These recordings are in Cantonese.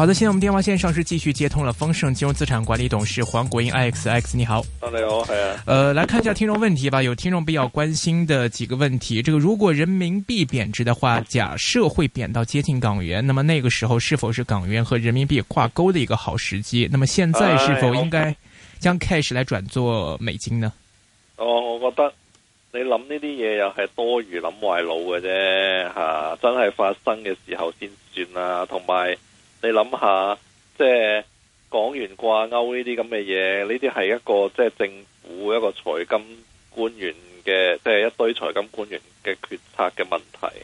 好的，現在我們電話線上是繼續接通了。豐盛金融資產管理董事黃國英，Alex，你好。你好，係啊。呃，來看一下聽眾問題吧。有聽眾比較關心的幾個問題，這個如果人民幣貶值的話，假設會貶到接近港元，那麼那個時候是否是港元和人民幣掛鈎的一個好時機？那麼現在是否應該將 cash 來轉做美金呢？哦、哎，我覺得你諗呢啲嘢又係多餘諗壞腦嘅啫，吓、啊，真係發生嘅時候先算啦。同埋。你諗下，即係港元掛鈎呢啲咁嘅嘢，呢啲係一個即係、就是、政府一個財金官員嘅，即、就、係、是、一堆財金官員嘅決策嘅問題，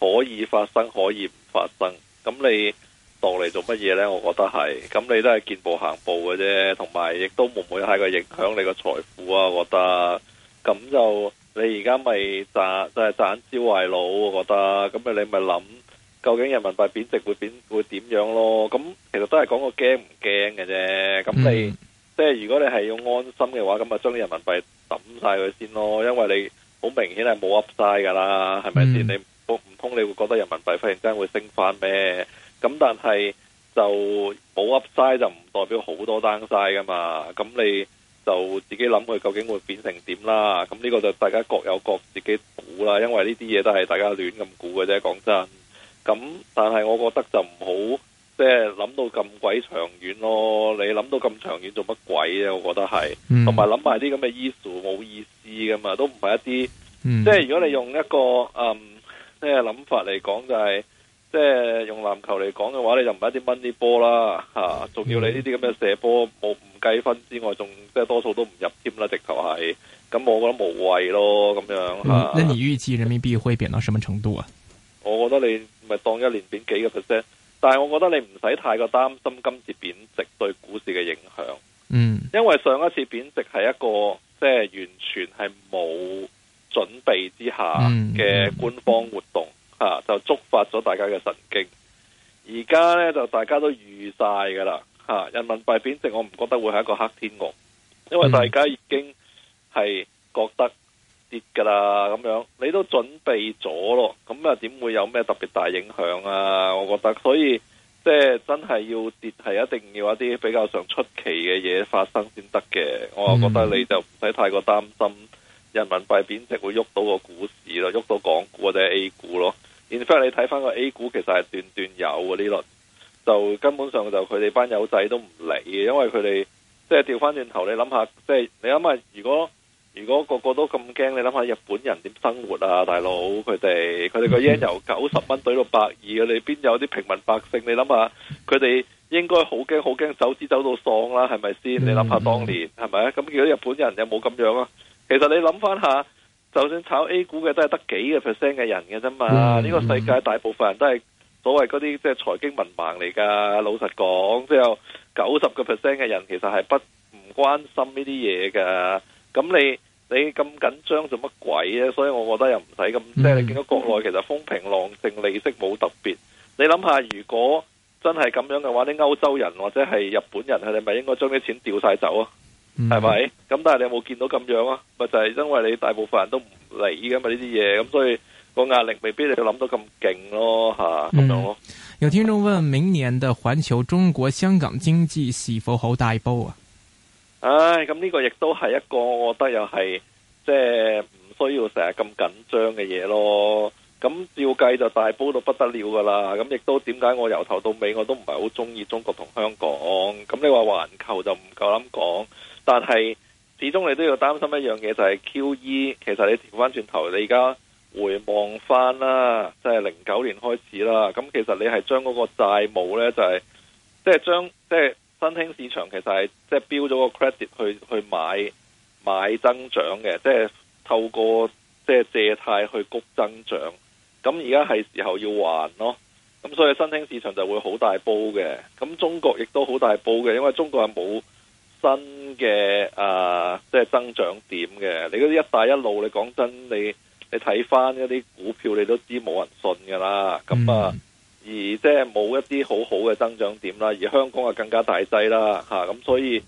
可以發生可以唔發生。咁你當嚟做乜嘢呢？我覺得係，咁你都係見步行步嘅啫。同埋亦都唔會喺個影響你個財富啊。我覺得咁就你而家咪賺，就係賺招壞佬。我覺得咁啊，你咪諗。究竟人民幣貶值會變會點樣咯？咁其實都係講個驚唔驚嘅啫。咁你即係如果你係要安心嘅話，咁啊，將啲人民幣抌曬佢先咯。因為你好明顯係冇 upside 噶啦，係咪先？你唔通你會覺得人民幣忽然間會升翻咩？咁但係就冇 upside 就唔代表好多 downside 噶嘛。咁你就自己諗佢究竟會變成點啦。咁呢個就大家各有各自己估啦。因為呢啲嘢都係大家亂咁估嘅啫。講真。咁，但係我覺得就唔好即係諗到咁鬼長遠咯。你諗到咁長遠做乜鬼咧？我覺得係，同埋諗埋啲咁嘅 issue 冇意思噶嘛，都唔係一啲，即、嗯、係、就是、如果你用一個嗯即係諗法嚟講、就是，就係即係用籃球嚟講嘅話，你就唔係一啲掹啲波啦吓，仲、啊、要你呢啲咁嘅射波冇唔計分之外，仲即係多數都唔入添啦，直頭係咁，我覺得無謂咯，咁樣啊。嗯、你預計人民幣會貶到什麼程度啊？我覺得你咪當一年貶幾個 percent，但係我覺得你唔使太過擔心今次貶值對股市嘅影響。嗯，因為上一次貶值係一個即係、就是、完全係冇準備之下嘅官方活動，吓、嗯嗯啊、就觸發咗大家嘅神經。而家呢，就大家都預晒噶啦，吓、啊、人民幣貶值我唔覺得會係一個黑天鵝，因為大家已經係覺得。跌噶啦咁樣，你都準備咗咯，咁又點會有咩特別大影響啊？我覺得，所以即係真係要跌，係一定要一啲比較上出奇嘅嘢發生先得嘅。我又覺得你就唔使太過擔心人民幣貶值會喐到個股市咯，喐到港股或者 A 股咯。In fact，你睇翻個 A 股，其實係斷斷有嘅呢輪，就根本上就佢哋班友仔都唔理，因為佢哋即係調翻轉頭，你諗下，即係你諗下如果。如果個個都咁驚，你諗下日本人點生活啊？大佬，佢哋佢哋個 yen 由九十蚊對到百二，佢哋邊有啲平民百姓？你諗下，佢哋應該好驚好驚，走資走到喪啦，係咪先？你諗下當年係咪啊？咁見到日本人有冇咁樣啊？其實你諗翻下，就算炒 A 股嘅都係得幾個 percent 嘅人嘅啫嘛。呢、嗯嗯呢個世界大部分人都係所謂嗰啲即係財經文盲嚟㗎。老實講，即係九十個 percent 嘅人其實係不唔關心呢啲嘢㗎。咁你。你咁緊張做乜鬼啊？所以我覺得又唔使咁，即係你見到國內其實風平浪靜，利息冇特別。你諗下，如果真係咁樣嘅話，啲歐洲人或者係日本人，佢咪應該將啲錢掉晒走啊？係咪？嗯，咁但係你有冇見到咁樣啊？咪就係、是、因為你大部分人都唔理噶嘛呢啲嘢，咁所以個壓力未必你要諗到咁勁咯，吓咁樣咯。有聽眾問：明年的環球、中國、香港經濟是否好大一波啊？唉，咁呢個亦都係一個，我覺得又係即係唔需要成日咁緊張嘅嘢咯。咁照計就大煲到不得了噶啦。咁亦都點解我由頭到尾我都唔係好中意中國同香港。咁你話環球就唔夠膽講，但係始終你都要擔心一樣嘢就係、是、QE。其實你調翻轉頭，你而家回望翻啦，即係零九年開始啦。咁其實你係將嗰個債務呢，就係即係將即係。就是新興市場其實係即係標咗個 credit 去去買買增長嘅，即係透過即係借貸去谷增長。咁而家係時候要還咯，咁所以新興市場就會好大煲嘅。咁中國亦都好大煲嘅，因為中國係冇新嘅啊即係增長點嘅。你嗰啲一帶一路，你講真，你你睇翻一啲股票，你都知冇人信噶啦。咁啊。嗯而即係冇一啲好好嘅增長點啦，而香港啊更加大劑啦，咁、啊、所以即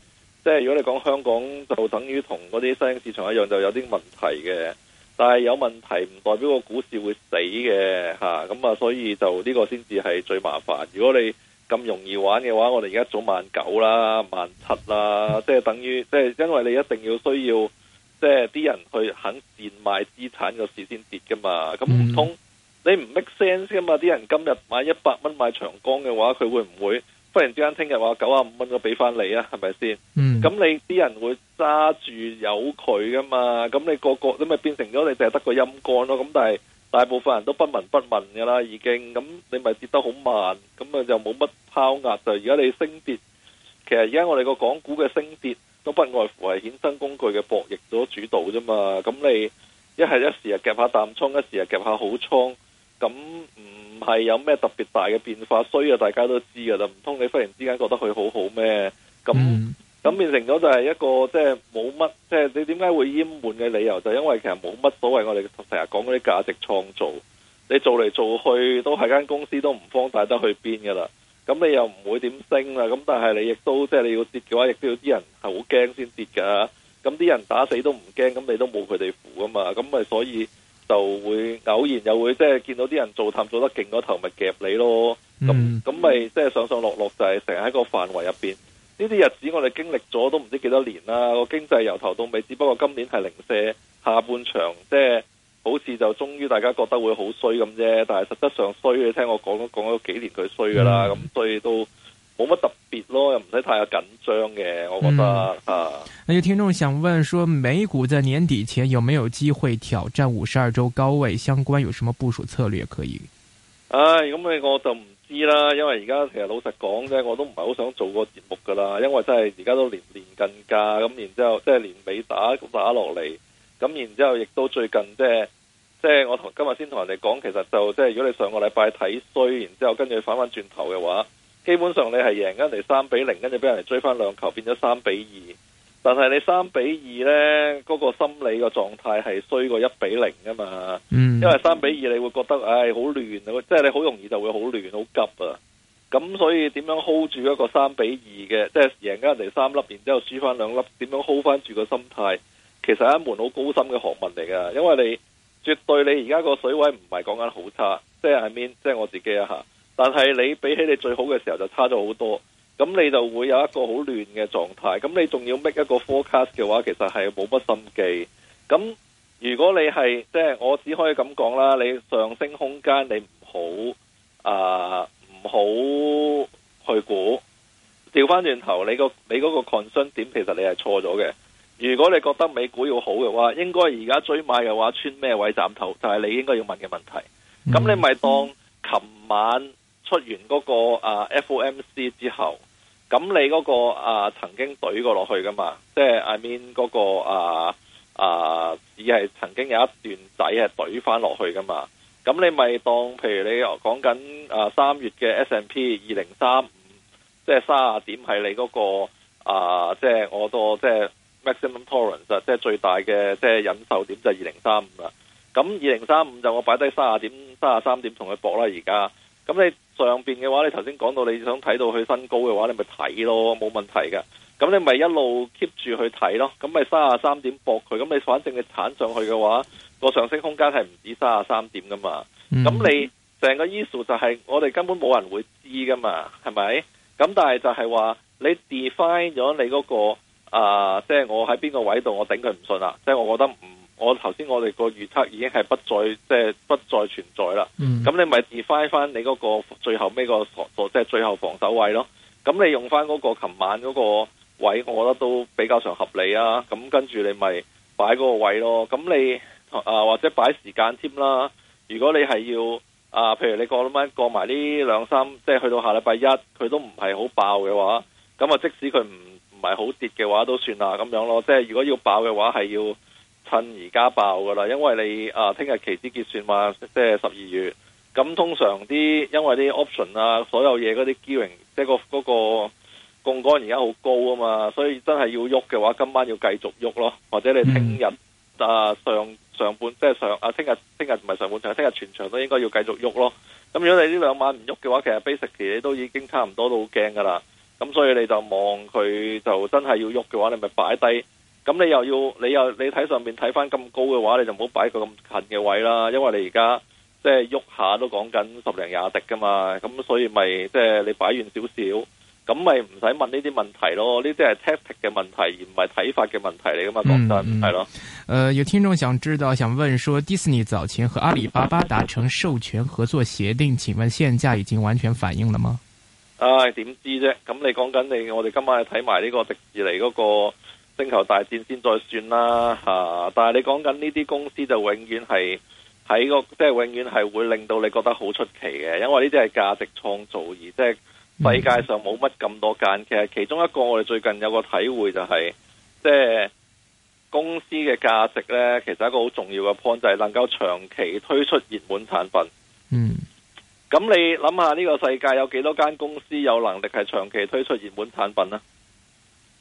係、就是、如果你講香港就等於同嗰啲新興市場一樣，就有啲問題嘅。但係有問題唔代表個股市會死嘅。咁啊，所以就呢個先至係最麻煩。如果你咁容易玩嘅話，我哋而家早萬九啦，萬七啦，即係等於即係、就是、因為你一定要需要即係啲人去肯變賣資產嘅事先跌㗎嘛，咁唔通？嗯你唔 make sense 噶嘛？啲人今日買一百蚊買長江嘅話，佢會唔會忽然之間聽日話九啊五蚊就俾翻你啊？係咪先？咁、mm. 你啲人會揸住有佢噶嘛？咁你個個咁咪變成咗你淨係得個陰幹咯？咁但係大部分人都不聞不問噶啦，已經咁你咪跌得好慢，咁啊就冇乜拋壓。就而家你升跌，其實而家我哋個港股嘅升跌都不外乎係衍生工具嘅博弈所主導啫嘛。咁你一係一時啊夾下淡倉，一時啊夾下好倉。咁唔係有咩特別大嘅變化，衰啊！大家都知噶啦，唔通你忽然之間覺得佢好好咩？咁咁、嗯、變成咗就係一個即係冇乜，即、就、係、是就是、你點解會淹悶嘅理由就係、是、因為其實冇乜所謂，我哋成日講嗰啲價值創造，你做嚟做去都係間公司都唔放大得去邊噶啦。咁你又唔會點升啦。咁但係你亦都即係、就是、你要跌嘅話，亦都要啲人係好驚先跌㗎。咁啲人打死都唔驚，咁你都冇佢哋符啊嘛。咁咪所以。就會偶然又會即係、就是、見到啲人做探做得勁嗰頭咪夾你咯，咁咁咪即係上上落落就係成日喺個範圍入邊。呢啲日子我哋經歷咗都唔知幾多年啦。個經濟由頭到尾，只不過今年係零舍下半場，即、就、係、是、好似就終於大家覺得會好衰咁啫。但係實質上衰，你聽我講都講咗幾年佢衰噶啦，咁、嗯、所以都。冇乜特別咯，又唔使太緊張嘅，我覺得、嗯、啊。有聽眾想問說，美股在年底前有沒有機會挑戰五十二周高位？相關有什麼部署策略可以？唉、哎，咁、嗯、你我就唔知啦。因為而家其實老實講啫，我都唔係好想做個節目噶啦。因為真係而家都年年近價咁，然之後即係年尾打打落嚟。咁然之後亦都最近即係即係我同今日先同人哋講，其實就即係如果你上個禮拜睇衰，然之後跟住反翻轉頭嘅話。基本上你係贏緊人哋三比零，跟住俾人哋追翻兩球，變咗三比二。但係你三比二呢，嗰個心理嘅狀態係衰過一比零噶嘛？嗯，因為三比二你會覺得唉好亂，即係你好容易就會好亂好急啊。咁所以點樣 hold 住一個三比二嘅，即係贏緊人哋三粒，然之後輸翻兩粒，點樣 hold 翻住個心態？其實係一門好高深嘅學問嚟噶，因為你絕對你而家個水位唔係講緊好差，即係 I mean，即係我自己啊下但係你比起你最好嘅時候就差咗好多，咁你就會有一個好亂嘅狀態。咁你仲要 make 一個 forecast 嘅話，其實係冇乜心機。咁如果你係即係，就是、我只可以咁講啦。你上升空間你唔好啊，唔、呃、唔好去估。調翻轉頭，你個你嗰個 concern 點，其實你係錯咗嘅。如果你覺得美股要好嘅話，應該而家追買嘅話，穿咩位斬頭？就係、是、你應該要問嘅問題。咁你咪當琴晚。出完嗰、那個啊 FOMC 之後，咁你嗰、那個啊曾經對過落去噶嘛？即係 I mean 嗰、那個啊啊，已、啊、係曾經有一段仔係對翻落去噶嘛？咁你咪當譬如你講緊啊三月嘅 S&P 二零三五，即係卅點係你嗰個啊，即係我個即係 maximum tolerance，即係最大嘅即係忍受點就係二零三五啦。咁二零三五就我擺低卅點、卅三點同佢搏啦，而家。咁你上邊嘅話，你頭先講到你想睇到佢新高嘅話，你咪睇咯，冇問題㗎。咁你咪一路 keep 住去睇咯。咁咪三十三點搏佢。咁你反正你鏟上去嘅話，個上升空間係唔止三十三點噶嘛。咁、嗯、你成個 issue 就係我哋根本冇人會知噶嘛，係咪？咁但係就係話你 define 咗你嗰、那個啊，即、呃、係、就是、我喺邊個位度，我頂佢唔順啦。即、就、係、是、我覺得唔。我頭先我哋個預測已經係不再即係、就是、不再存在啦。咁、嗯、你咪 refine 翻你嗰個最後尾個即係、就是、最後防守位咯。咁你用翻嗰個琴晚嗰個位，我覺得都比較上合理啊。咁跟住你咪擺嗰個位咯。咁你啊或者擺時間添啦。如果你係要啊，譬如你過咁晚過埋呢兩三，即、就、係、是、去到下禮拜一，佢都唔係好爆嘅話，咁啊即使佢唔唔係好跌嘅話都算啦。咁樣咯，即、就、係、是、如果要爆嘅話係要趁而家爆噶啦，因為你啊，聽日期指結算嘛，即係十二月，咁通常啲因為啲 option 啊，所有嘢嗰啲 gearing，即係個嗰個槓桿而家好高啊嘛，所以真係要喐嘅話，今晚要繼續喐咯，或者你聽日啊上上半即係上啊，聽日聽日唔係上半場，聽日全場都應該要繼續喐咯。咁如果你呢兩晚唔喐嘅話，其實 basic 期都已經差唔多都好驚噶啦。咁所以你就望佢就真係要喐嘅話，你咪擺低。咁你又要你又你睇上面睇翻咁高嘅話，你就唔好擺個咁近嘅位啦，因為你而家即係喐下都講緊十零廿滴噶嘛，咁所以咪即係你擺遠少少，咁咪唔使問呢啲問題咯，呢啲係 tactic 嘅問題而唔係睇法嘅問題嚟噶嘛，講真係咯。誒、嗯嗯呃，有聽眾想知道，想問說，Disney 早前和阿里巴巴達成授權合作協定，請問現價已經完全反映了嗎？唉、哎，點知啫？咁你講緊你，我哋今晚又睇埋呢個迪士尼嗰、那個。星球大戰先再算啦嚇、啊！但係你講緊呢啲公司就永遠係喺個即係永遠係會令到你覺得好出奇嘅，因為呢啲係價值創造而即係世界上冇乜咁多間。其實其中一個我哋最近有個體會就係即係公司嘅價值呢，其實一個好重要嘅 point 就係能夠長期推出熱門產品。嗯，咁你諗下呢個世界有幾多間公司有能力係長期推出熱門產品呢？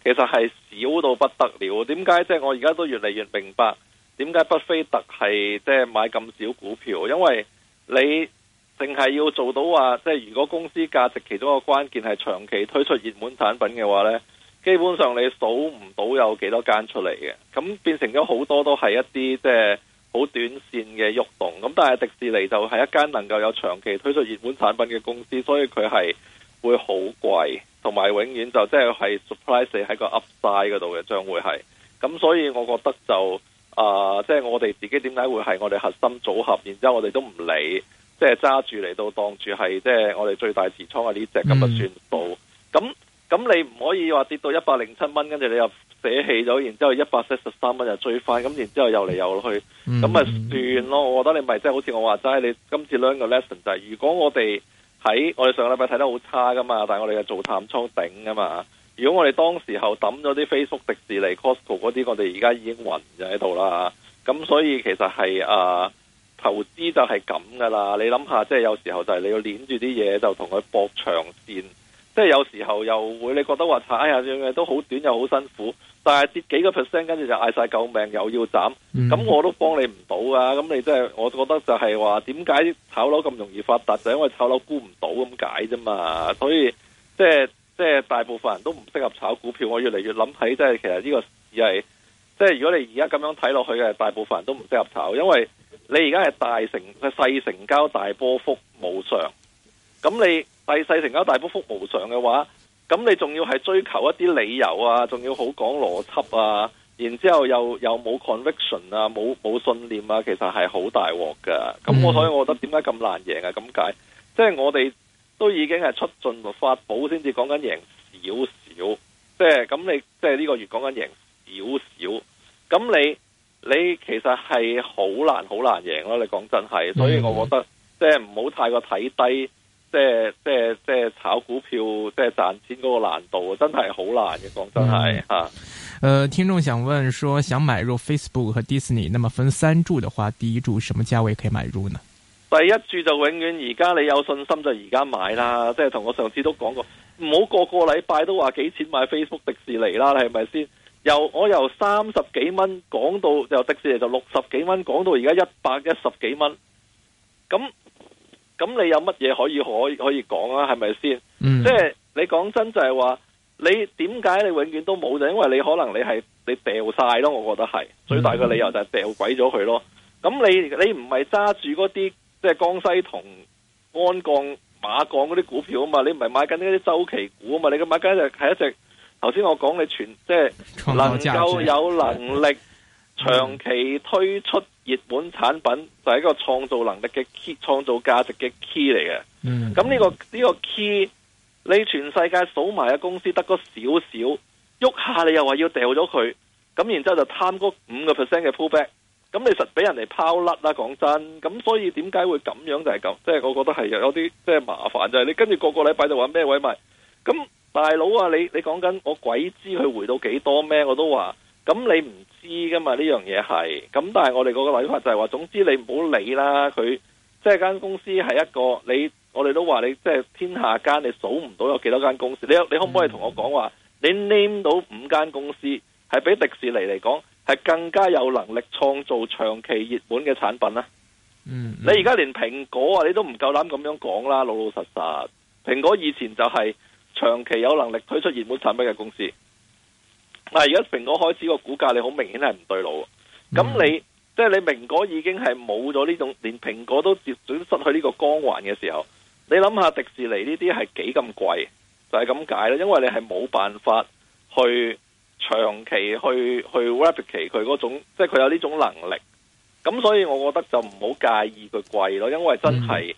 其實係少到不得了，點解？即係我而家都越嚟越明白點解巴菲特係即係買咁少股票，因為你淨係要做到話，即係如果公司價值其中一個關鍵係長期推出熱門產品嘅話呢，基本上你數唔到有幾多間出嚟嘅，咁變成咗好多都係一啲即係好短線嘅喐動，咁但係迪士尼就係一間能夠有長期推出熱門產品嘅公司，所以佢係會好貴。同埋永遠就即係係 surprise 喺個 upside 嗰度嘅，將會係咁，所以我覺得就、呃、即係我哋自己點解會係我哋核心組合，然之後我哋都唔理，即係揸住嚟到當住係即係我哋最大持倉嘅呢隻咁就算數。咁咁你唔可以話跌到一百零七蚊，跟住你又捨棄咗，然之後一百七十三蚊又追翻，咁然之後，後又嚟又落去，咁、嗯、咪算咯。我覺得你咪即係好似我話齋，你今次兩個 lesson 就係、是、如果我哋。喺我哋上個禮拜睇得好差噶嘛。但係我哋係做探倉頂噶嘛。如果我哋當時候抌咗啲 Facebook、迪士尼、Costco 嗰啲，我哋而家已經暈咗喺度啦。咁所以其實係啊，投資就係咁噶啦。你諗下，即係有時候就係你要諗住啲嘢就同佢搏長線。即係有時候又會你覺得話炒啊樣嘢都好短又好辛苦，但係跌幾個 percent 跟住，就嗌晒救命，又要斬，咁、嗯、我都幫你唔到啊！咁你真係，我覺得就係話，點解炒樓咁容易發達？就因為炒樓估唔到咁解啫嘛？所以即係即係大部分人都唔適合炒股票。我越嚟越諗起，即係其實呢個又係即係如果你而家咁樣睇落去嘅，大部分人都唔適合炒，因為你而家係大成嘅細成交、大波幅、無常，咁你。第四成交大波幅無常嘅話，咁你仲要係追求一啲理由啊，仲要好講邏輯啊，然之後又又冇 conviction 啊，冇冇信念啊，其實係好大鑊噶。咁、mm -hmm. 我所以我覺得點解咁難贏啊？咁解，即係我哋都已經係出盡六法寶先至講緊贏少少，即係咁你即係呢個月講緊贏少少，咁你你其實係好難好難贏咯。你講真係，所以我覺得即係唔好太過睇低。即係即係即係炒股票，即係賺錢嗰個難度，真係好難嘅，講真係吓。誒、嗯呃，聽眾想問說，說想買入 Facebook 和 Disney，那麼分三注的話，第一注什麼價位可以買入呢？第一注就永遠而家你有信心就而家買啦，即係同我上次都講過，唔好個個禮拜都話幾錢買 Facebook 迪士尼啦，係咪先？由我由三十幾蚊講到，由迪士尼就六十幾蚊講到而家一百一十幾蚊，咁。咁你有乜嘢可以可可以講啊？係咪先？即係你講真就係、是、話，你點解你永遠都冇，就因為你可能你係你掉晒咯，我覺得係、嗯、最大嘅理由就係掉鬼咗佢咯。咁你你唔係揸住嗰啲即係江西同鞍鋼、馬鋼嗰啲股票啊嘛？你唔係買緊呢啲周期股啊嘛？你買緊就係一隻頭先我講你全即係能夠有能力長期推出。嗯熱門產品就係一個創造能力嘅 key，創造價值嘅 key 嚟嘅。咁、嗯、呢個呢、嗯呢個 key，你全世界數埋嘅公司得嗰少少，喐下你又話要掉咗佢，咁然之後就貪嗰五個 percent 嘅 pullback，咁你實俾人哋拋甩啦。講真，咁所以點解會咁樣就係咁，即、就、係、是、我覺得係有啲即係麻煩就係、是、你跟住個個禮拜就話咩位賣，咁大佬啊，你你講緊我鬼知佢回到幾多咩？我都話咁你唔。知噶嘛？呢樣嘢係咁，但係我哋嗰個諗法就係話，總之你唔好理啦。佢即係間公司係一個，你我哋都話你即係天下間你數唔到有幾多間公司。你你可唔可以同我講話，你 name 到五間公司係比迪士尼嚟講係更加有能力創造長期熱門嘅產品呢？嗯，嗯，你而家連蘋果啊，你都唔夠膽咁樣講啦。老老實實，蘋果以前就係長期有能力推出熱門產品嘅公司。但嗱，而家蘋果開始個股價，你好明顯係唔對路。咁你即係你蘋果已經係冇咗呢種，連蘋果都絕對失去呢個光環嘅時候，你諗下迪士尼呢啲係幾咁貴，就係咁解啦。因為你係冇辦法去長期去去 replicate 佢嗰種，即係佢有呢種能力。咁所以我覺得就唔好介意佢貴咯，因為真係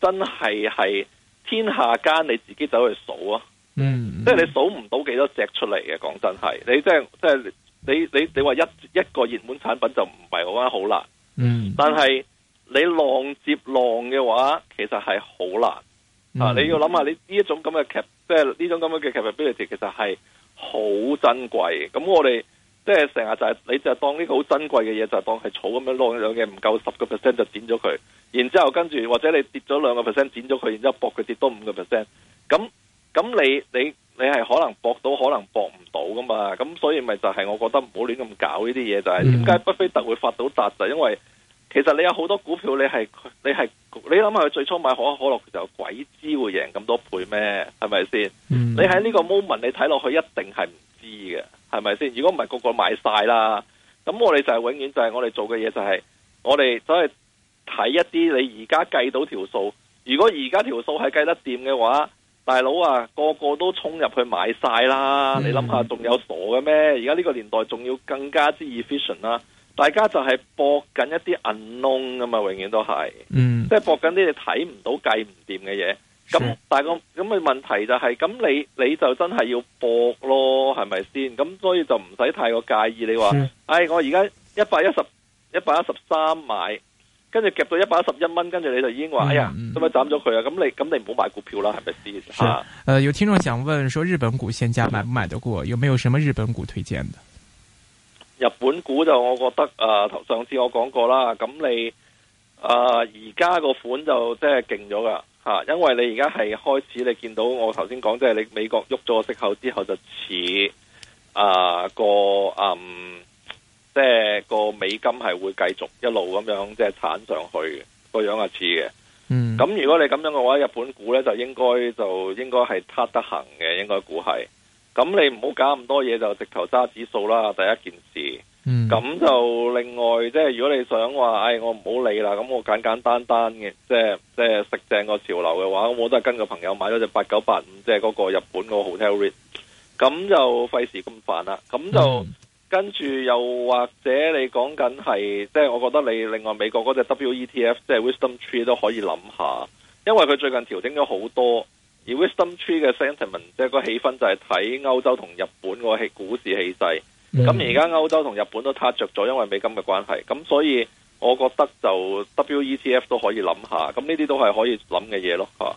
真係係天下間你自己走去數啊。嗯，嗯，即係你數唔到幾多隻出嚟嘅，講真係，你即係即係你你你話一一,一個熱門產品就唔係好啱好難，嗯，但係你浪接浪嘅話，其實係好難、嗯、啊！你要諗下，你呢一種咁嘅 cap，即係呢種咁樣嘅 capability 其實係好珍貴。咁我哋即係成日就係、係就係、你就當呢個好珍貴嘅嘢，就係、當係草咁樣浪，兩樣嘢唔夠十個 percent 就剪咗佢，然之後跟住或者你跌咗兩個 percent 剪咗佢，然之後搏佢跌多五個 percent，咁。咁你你你係可能搏到，可能搏唔到噶嘛？咁所以咪就係我覺得唔好亂咁搞呢啲嘢，就係點解巴菲特會發到達就係、因為其實你有好多股票你係你係你諗下佢最初買可口可樂就有鬼知會贏咁多倍咩？係咪先？你喺呢個 moment 你睇落去一定係唔知嘅，係咪先？如果唔係個個買晒啦，咁我哋就係、是、永遠就係我哋做嘅嘢就係、是、我哋都係睇一啲你而家計到條數，如果而家條數係計得掂嘅話。大佬啊，個個都衝入去買晒啦、嗯！你諗下，仲有傻嘅咩？而家呢個年代仲要更加之 efficient 啦、啊！大家就係博緊一啲銀窿噶嘛，永遠都係、嗯，即係博緊啲你睇唔到、計唔掂嘅嘢。咁但係、個咁嘅、個、問題就係、是，咁你你就真係要博咯，係咪先？咁所以就唔使太過介意你話，唉、哎，我而家一百一十、一百一十三買。跟住夾到一百一十一蚊，跟住你就已經話、嗯啊、哎呀，咁咪斬咗佢啊！咁你咁你唔好買股票啦，係咪先？吓，誒、呃，有聽眾想問，說日本股現價買唔買得過？有沒有什麼日本股推薦嘅？日本股就我覺得誒、呃，上次我講過啦，咁你誒而家個款就即係勁咗噶吓，因為你而家係開始你見到我頭先講，即係你美國喐咗個息口之後就似啊、呃、個嗯。即係個美金係會繼續一路咁樣即係鏟上去嘅，個樣係似嘅。嗯，咁如果你咁樣嘅話，日本股咧就應該就應該係撻得行嘅，應該估係。咁你唔好搞咁多嘢，就直頭揸指數啦。第一件事，嗯，咁就另外，即係如果你想話，唉，我唔好理啦，咁我簡簡單單嘅，即係即係食正個潮流嘅話，咁我都係跟個朋友買咗隻八九八五，即係嗰個日本個 hotel REIT。咁就費事咁煩啦，咁就。嗯跟住又或者你講緊係，即係我覺得你另外美國嗰隻 WETF 即係 Wisdom Tree 都可以諗下，因為佢最近調整咗好多。而 Wisdom Tree 嘅 sentiment 即係個氣氛就係睇歐洲同日本個氣股市氣勢。咁而家歐洲同日本都踏著咗，因為美金嘅關係。咁所以我覺得就 WETF 都可以諗下。咁呢啲都係可以諗嘅嘢咯，嚇。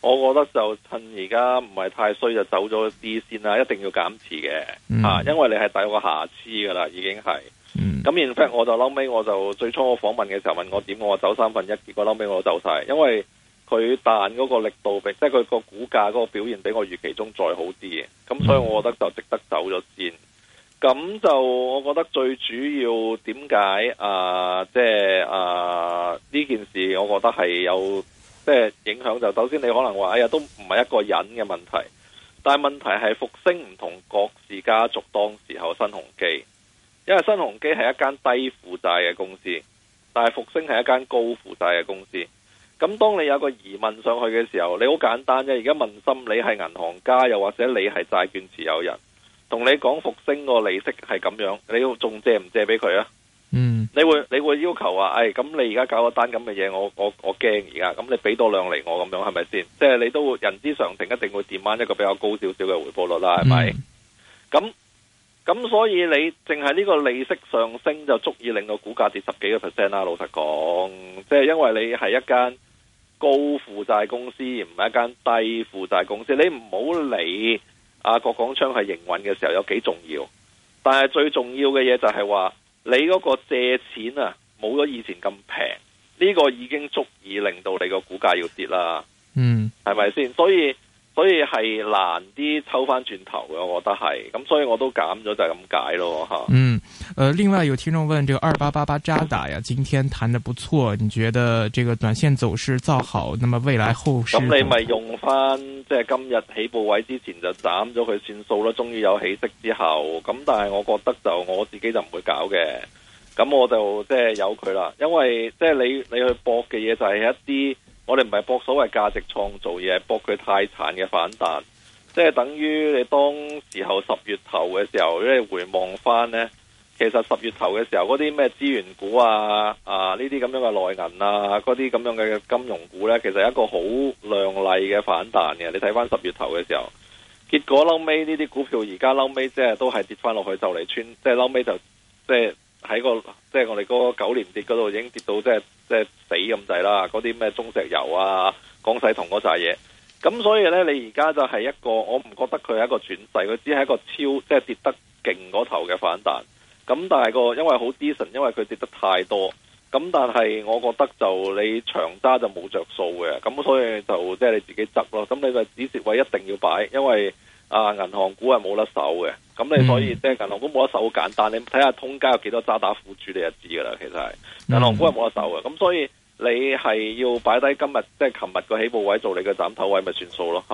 我覺得就趁而家唔係太衰就走咗啲先啦，一定要減持嘅吓，因為你係帶個瑕疵噶啦，已經係。咁然之後我就嬲尾，我就最初我訪問嘅時候問我點，我話走三分一，結果嬲尾我都走晒，因為佢彈嗰個力度即係佢個股價嗰個表現比我預期中再好啲嘅，咁所以我覺得就值得走咗先。咁就我覺得最主要點解啊？即係啊呢件事，我覺得係有。即係影響就，首先你可能話，哎呀都唔係一個人嘅問題，但係問題係複星唔同郭氏家族當時候新鴻基，因為新鴻基係一間低負債嘅公司，但係複星係一間高負債嘅公司。咁當你有個疑問上去嘅時候，你好簡單啫，而家問心，你係銀行家，又或者你係債券持有人，同你講複星個利息係咁樣，你要仲借唔借俾佢啊？嗯，你會你會要求話，哎，咁你而家搞個單咁嘅嘢，我我我驚而家，咁你俾多兩厘我，咁樣係咪先？即係、就是、你都會人之常情，一定會墊翻一個比較高少少嘅回報率啦，係咪？咁、嗯、咁所以你淨係呢個利息上升就足以令到股價跌十幾個 percent 啦。老實講，即、就、係、是、因為你係一間高負債公司，唔係一間低負債公司，你唔好理阿郭廣昌係營運嘅時候有幾重要，但係最重要嘅嘢就係話。你嗰個借錢啊，冇咗以前咁平，呢個已經足以令到你個股價要跌啦。嗯，係咪先？所以。所以係難啲抽翻轉頭嘅，我覺得係咁，所以我都減咗就係咁解咯吓。嗯、呃，另外有聽眾問，這個二八八八渣打呀，今天彈得不錯，你覺得這個短線走勢造好，那麼未來後市？咁你咪用翻即係今日起步位之前就斬咗佢算數啦，終於有起色之後，咁但係我覺得就我自己就唔會搞嘅，咁我就即係由佢啦，因為即係你你去搏嘅嘢就係一啲。我哋唔係博所謂價值創造，而係博佢太慘嘅反彈。即係等於你當時候十月頭嘅時候，因係回望翻呢，其實十月頭嘅時候嗰啲咩資源股啊、啊呢啲咁樣嘅內銀啊、嗰啲咁樣嘅金融股呢，其實一個好亮麗嘅反彈嘅。你睇翻十月頭嘅時候，結果撈尾呢啲股票而家撈尾即係都係跌翻落去，就嚟穿，即係撈尾就跌、是。喺個即係、就是、我哋嗰個九年跌嗰度已經跌到即係即係死咁滯啦，嗰啲咩中石油啊、港西同嗰紮嘢，咁所以呢，你而家就係一個，我唔覺得佢係一個轉勢，佢只係一個超即係、就是、跌得勁嗰頭嘅反彈。咁但係個因為好 decent，因為佢跌得太多。咁但係我覺得就你長揸就冇着數嘅，咁所以就即係、就是、你自己執咯。咁你個止蝕位一定要擺，因為。啊！銀行股係冇得守嘅。咁你可以、嗯、即係銀行股冇得守，好簡單，你睇下通街有幾多渣打苦主，你就知噶啦。其實係銀行股係冇得守嘅，咁所以你係要擺低今日即係琴日個起步位做你個斬頭位，咪算數咯。